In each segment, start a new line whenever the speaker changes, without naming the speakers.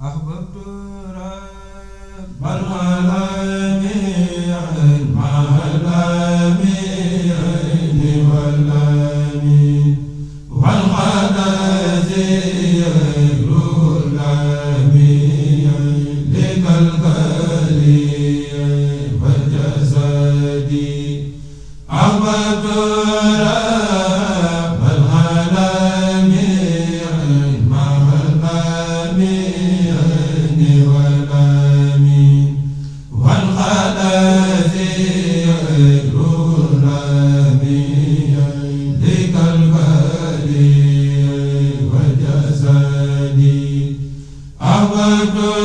أحببت رب العالمين الله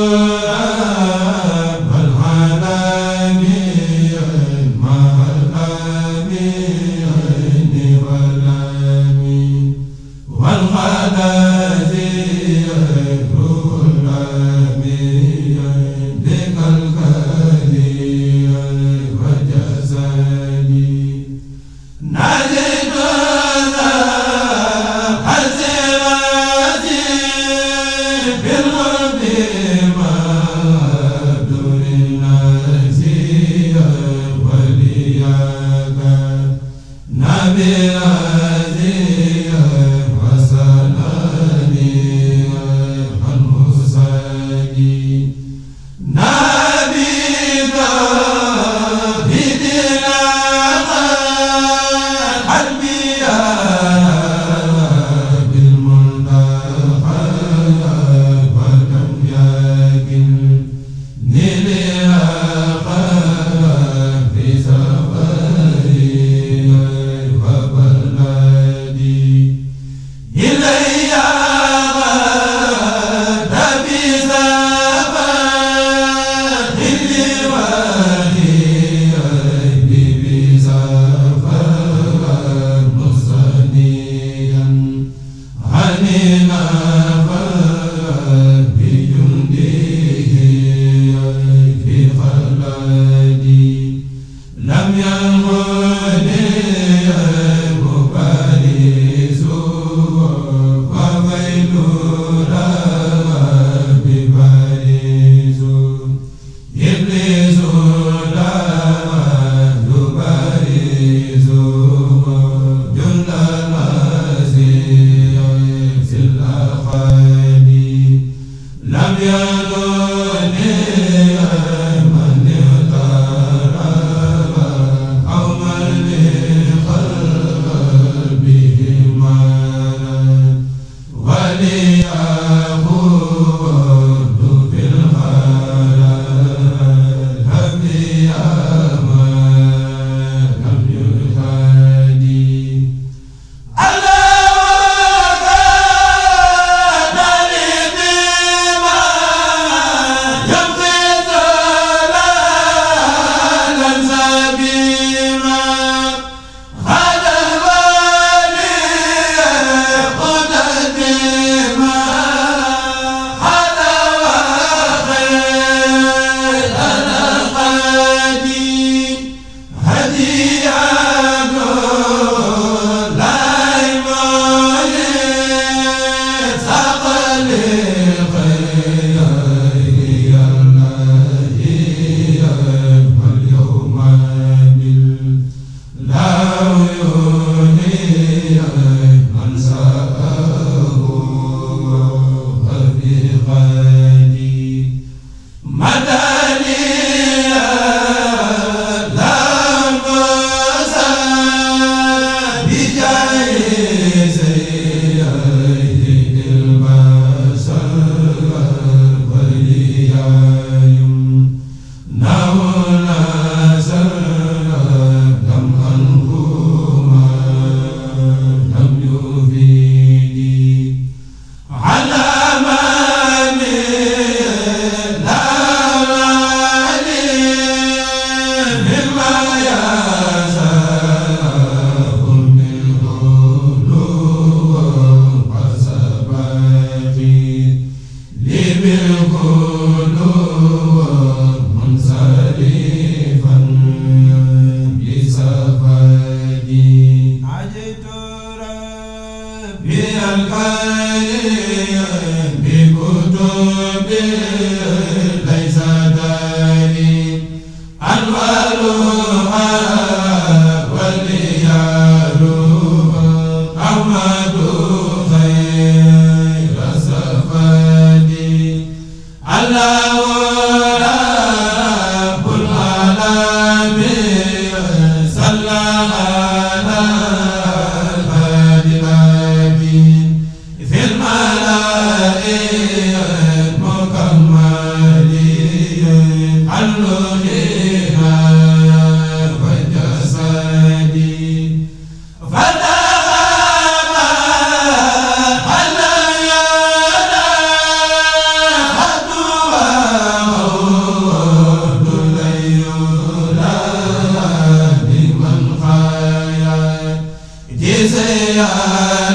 yaa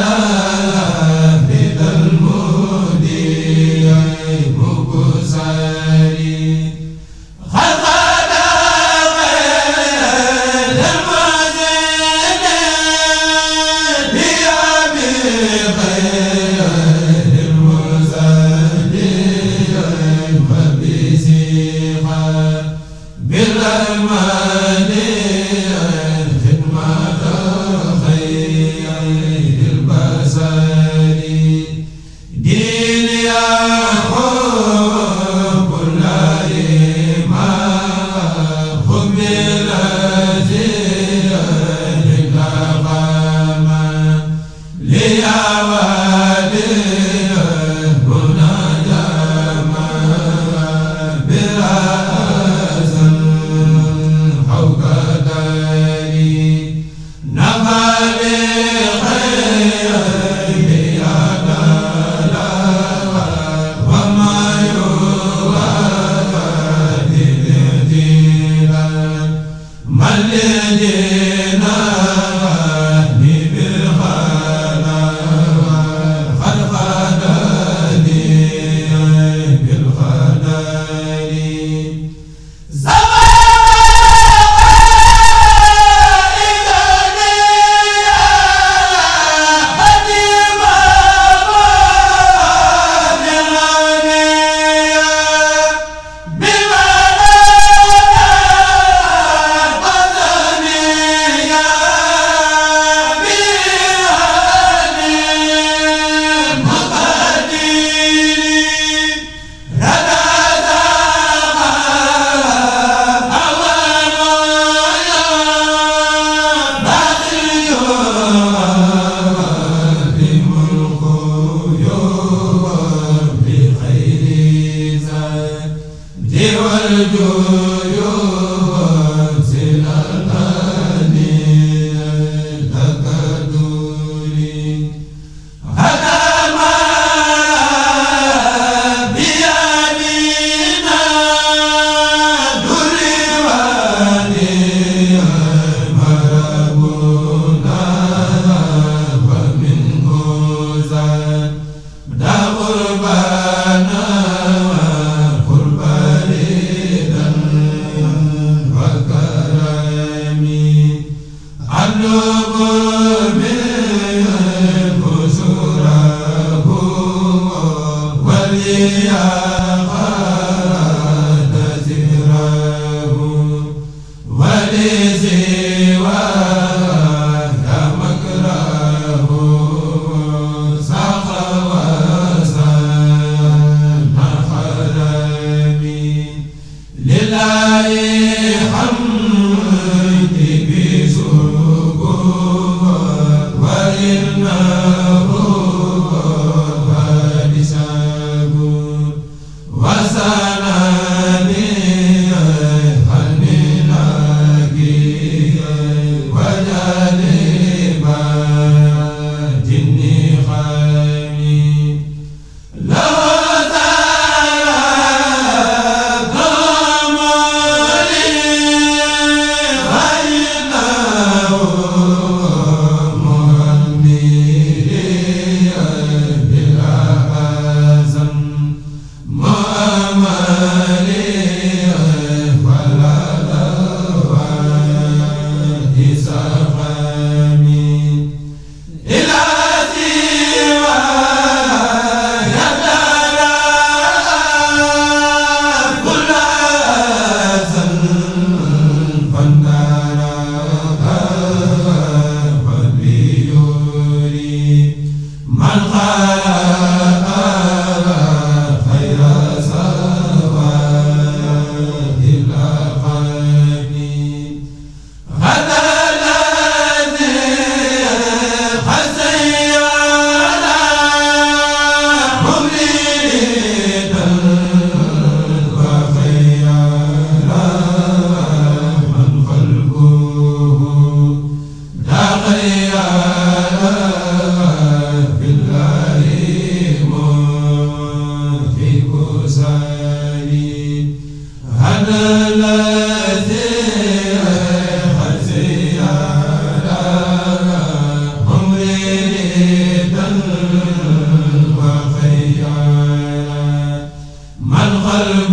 joojo amal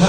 Sakine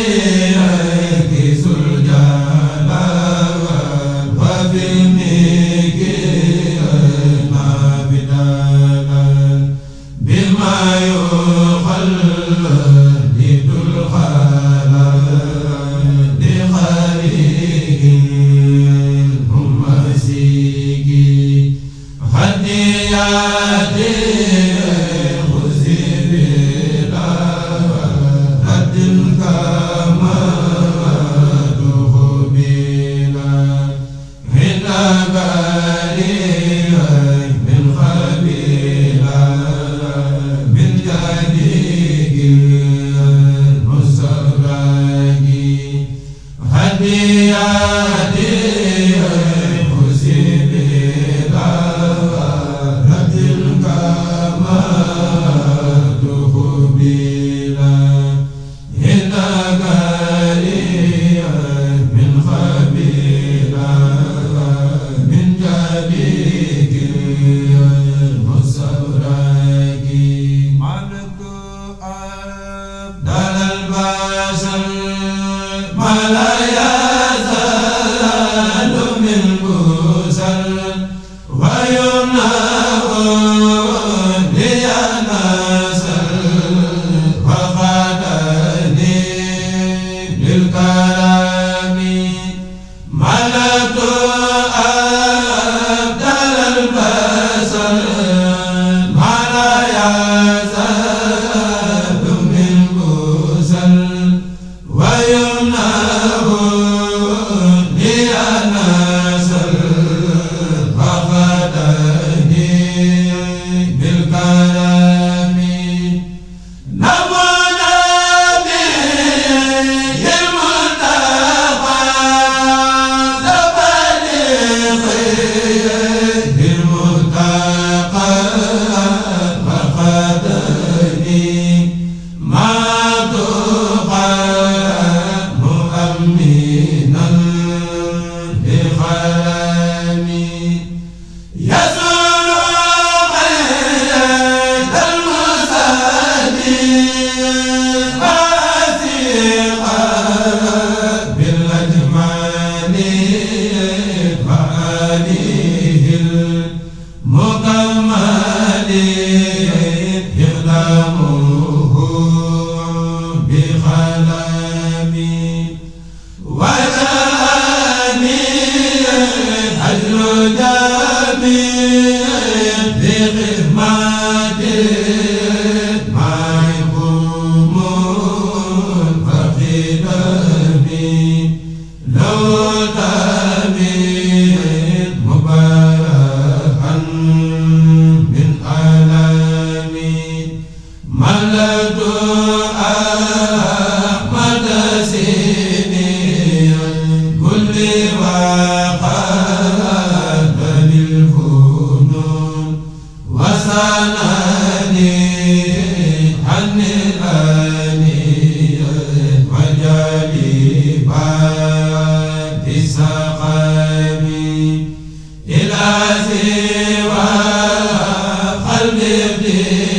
Amen yaa
di